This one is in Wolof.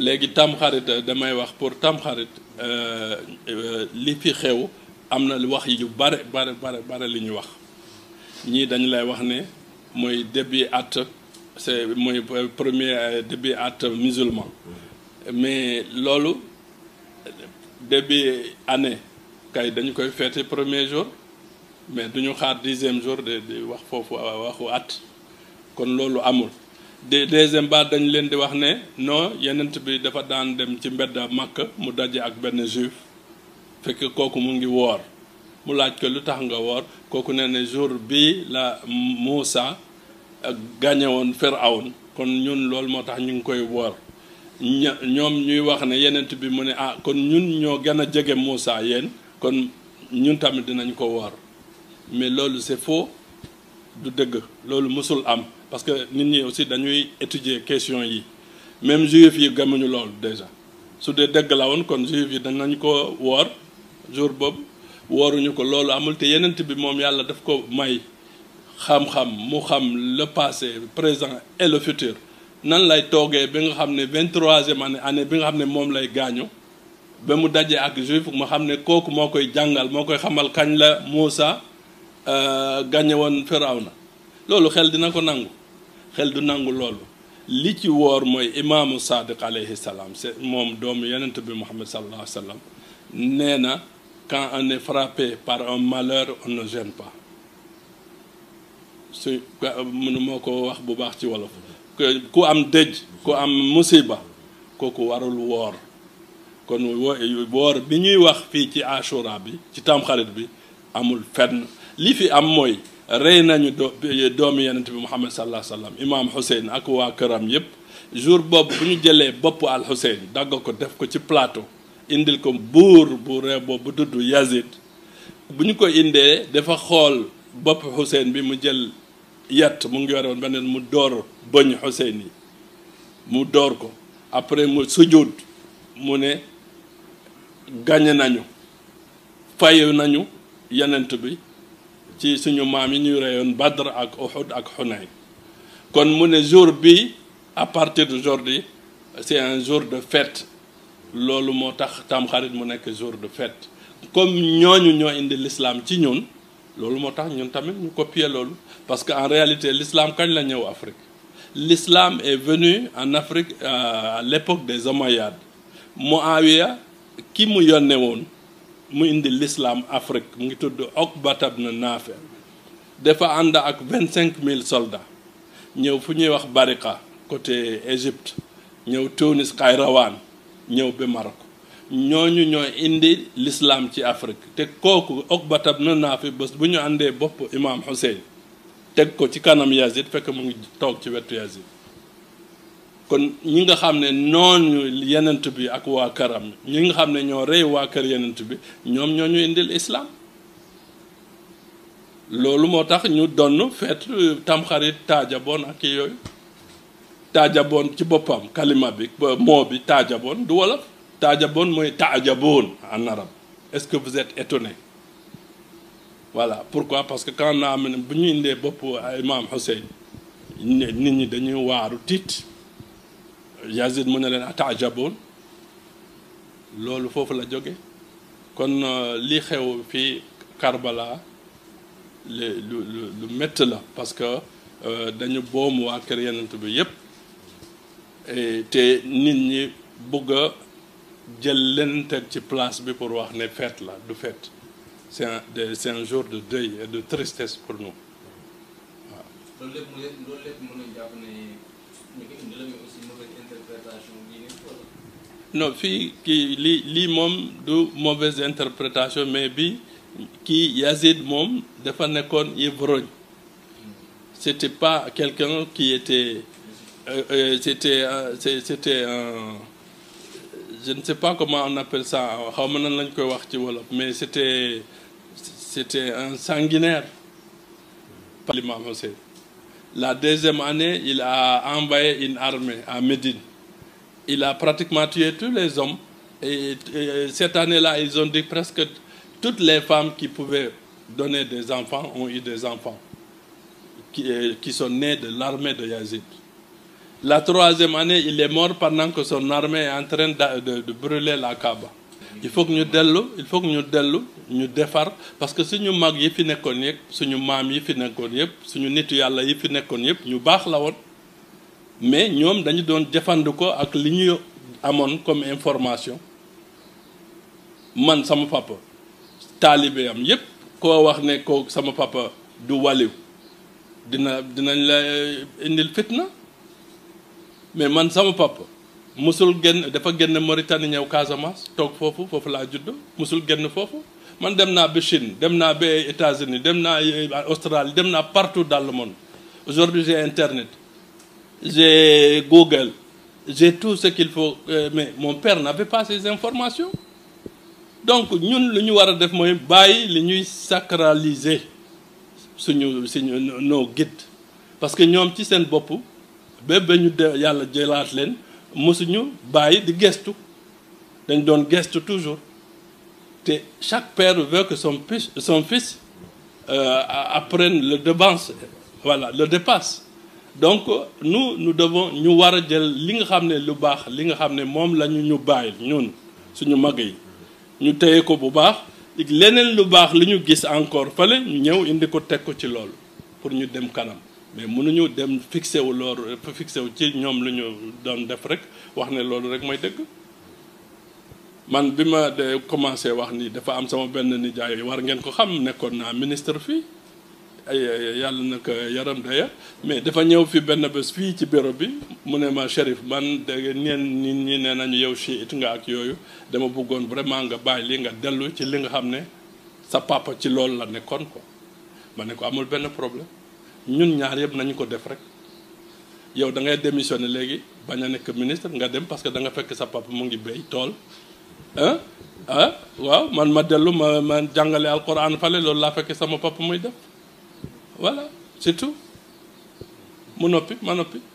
léegi tamxarit euh, damay wax pour tamxarit euh, euh, li fi xew amna li wax yu bare bare bare bare li ñu wax ñi dañ lay wax ne moy début at c'est moy premier début at musulman mais lolu début année kay dañ koy feete premier jour mais duñu xaar 10e jour de wax fofu waxu at kon lolu amul de deuxième ba dañ leen di wax ne non yenent bi dafa daan dem ci mbedd a Makka mu daje ak benn juif fekk kooku mu ngi woor mu laaj ko lu tax nga woor kooku nee ne jour bi la Moussa euh, gagné woon Firawn kon ñun loolu moo tax ñu ngi koy woor ñoom ñuy wax ne yenent bi mu ne ah kon ñun ñoo gën a jege Moussa yéen kon ñun tamit dinañ ko woor mais loolu c'est faux du deug lolou musul am parce que nit ñi aussi dañuy étudier question yi même juif yi gëmuñu lolou déjà su des deug la won kon juif yi nañ ko wor jour Bob. ko lolou amul te bi mom yalla daf ko may xam-xam mu xam le passé présent et le futur nan lay togué bi nga xamné ne e année année bi nga xamné mom lay gañu ba mu ak juif mu xamné ne mo koy la Euh, gàññe woon Firawna loolu xel dina ko nangu xel du nangu loolu li ci woor mooy imaamu Sadiq alayhi salaam moom doomu yonent bi Muhammad sallallahu alayhi wa na quand on est frappé par un malheur on ne gêne pas su mënu moo ko wax bu baax ci wolof ku am dëj ku am musiba kooku warul woor kon woor bi ñuy wax fii ci ashura bi ci tamxarit bi amul fenn li fi am mooy rey nañu do doomi yonent bi Muhammad sallallahu alayhi wasallam imaam Hussein ak waa këram yëpp jour boobu bu ñu jëlee bopp al Hussein dagg ko def ko ci plateau indil ko buur bu ree bu tudd Yazid bu ñu ko indee dafa xool bopp Hussein bi mu jël yat mu ngi yore beneen mu door bëñ Hussein yi mu door ko après mu sujud mu ne gañe nañu fayu nañu yonent bi ci suñu maam yi ñu reyoon Badr ak Uhud ak Hunayn kon mu ne jour bi à partir d'aujourd'hui c'est un jour de fête loolu moo tax tamxarit mu nekk jour de fête comme ñooñu ñoo indi l'islam ci ñun loolu moo tax ñun tamit ñu copier loolu parce que en réalité l'islam kañ la ñëw Afrique l'islam est venu en Afrique euh, à l'époque des Omeyyades Muawiya ki mu yonne woon mu indi lislaam Afrique mu ngi tudd Okbatab na Naafe dafa ànd ak vingt cinq mille soldats ñëw fu ñuy wax Barika côté Égypte ñëw Tunis Kayrawaan ñëw ba ñoo ñu ñoo indi l'islam ci Afrique te kooku Okbatab na Naafe bés bu ñu àndee bopp Imam Hussein teg ko ci kanam Yazid fekk mu ngi toog ci wetu Yazid kon ñi nga xam ne noonu yenent bi ak waa këram ñi nga xam ne ñoo rey waa kër yenent bi ñoom ñoo ñu indil islam loolu moo tax ñu donn feet euh, tamxarit taajaboon ak yooyu taajaboon ci boppam kalima bi moo bi taajaboon du wala taajaboon mooy taajaboon en arabe est-ce que vous êtes étonné pourquoi parce que quand naa am ne bu ñu indee bopp euh, imam Hussein nit ñi dañuy waaru tiit Yazid mu ne leen ataajaboon loolu la jóge kon euh, li xew Karbala le parce que euh, dañu bi a ci place bi pour wax ne fête fête c'est un c'est un jour de deuil et de tristesse pour nous non puis qui li lii moom du mauvaise interprétation mais bi kii Yazid moom dafa nekkoon ivrogne c'était pas quelqu'un qui était euh, euh, c'était euh, c'était un je ne sais pas comment on appelle ça mais c'était c'était un sanguinaire par l'imam Hussein la deuxième année, il a envoyé une armée à Médine. Il a pratiquement tué tous les hommes. Et, cette année-là, ils ont dit presque toutes les femmes qui pouvaient donner des enfants ont eu des enfants euh, qui, sont nés de l'armée de Yazid. La troisième année, il est mort pendant que son armée est en train de, de brûler la Kaaba il faut que ñu dellu il faut que ñu dellu ñu defar parce que suñu mag yi fi nekkoon si suñu maam yi fi si nous suñu nitu yàlla yi fi nekkoon ñu baax la woon mais ñoom dañu doon jëfandikoo ak li ñu comme information man sama papa talibé am yëpp ko wax né ko sama papa du dina dina dinañ la eh, indil fitna mais man sama papa musul génn dafa génn Mauritanie ñëw Casamance toog foofu foofu laa judd musul génn foofu man dem naa ba Chine dem naa ba États-Unis dem naa eh, Australie dem naa partout dans le monde aujourd'hui j'ai internet j'ai Google j'ai tout ce qu'il faut eh, mais mon père n'avait pas ces informations donc ñun lu ñu war a def mooy bàyyi li ñuy sacraliser suñu suñu nos guides parce que ñoom ci seen bopp ba ba ñu de yàlla jëlaat leen musuñu bàyyi di gestu dañ doon gestu toujours te chaque père veut que son fils son fils euh, apprenne le dépasse. voilà le dépasse donc nous nous devons ñu wara jël li nga xamné lu baax li nga xamné mom lañu la ñu bayil ñun suñu magay ñu téye ko bu baax leneen lu baax li ñu gis encore fale ñu ñëw indi ko tek ko ci lool pour ñu dem kanam mais mënuñu dem fixé wu loolu fixé wu ci ñoom lu ñu doon def rek wax ne loolu rek mooy dëgg man bi ma de commencé wax ni dafa am sama benn nijaay war ngeen ko xam nekkoon naa ministre fii ay yàlla na ko yaram daya mais dafa ñëw fi benn bés fii ci bureau bi mu ne ma Chérif man da neen nit ñi nee nañu yow si it nga ak yooyu dama bëggoon vraiment nga bàyyi li nga dellu ci li nga xam ne sa papa ci loolu la nekkoon ko ma ne ko amul benn problème ñun ñaar yëpp nañu ko def rek yow da ngay démissionné léegi bañ a nekk ministre nga dem parce que da nga fekk sa papa mu ngi béy tool ah waaw man ma dellu ma ma jàngale alquran fale loolu laa fekk sama papa muy def walla surtout tout mu noppi ma noppi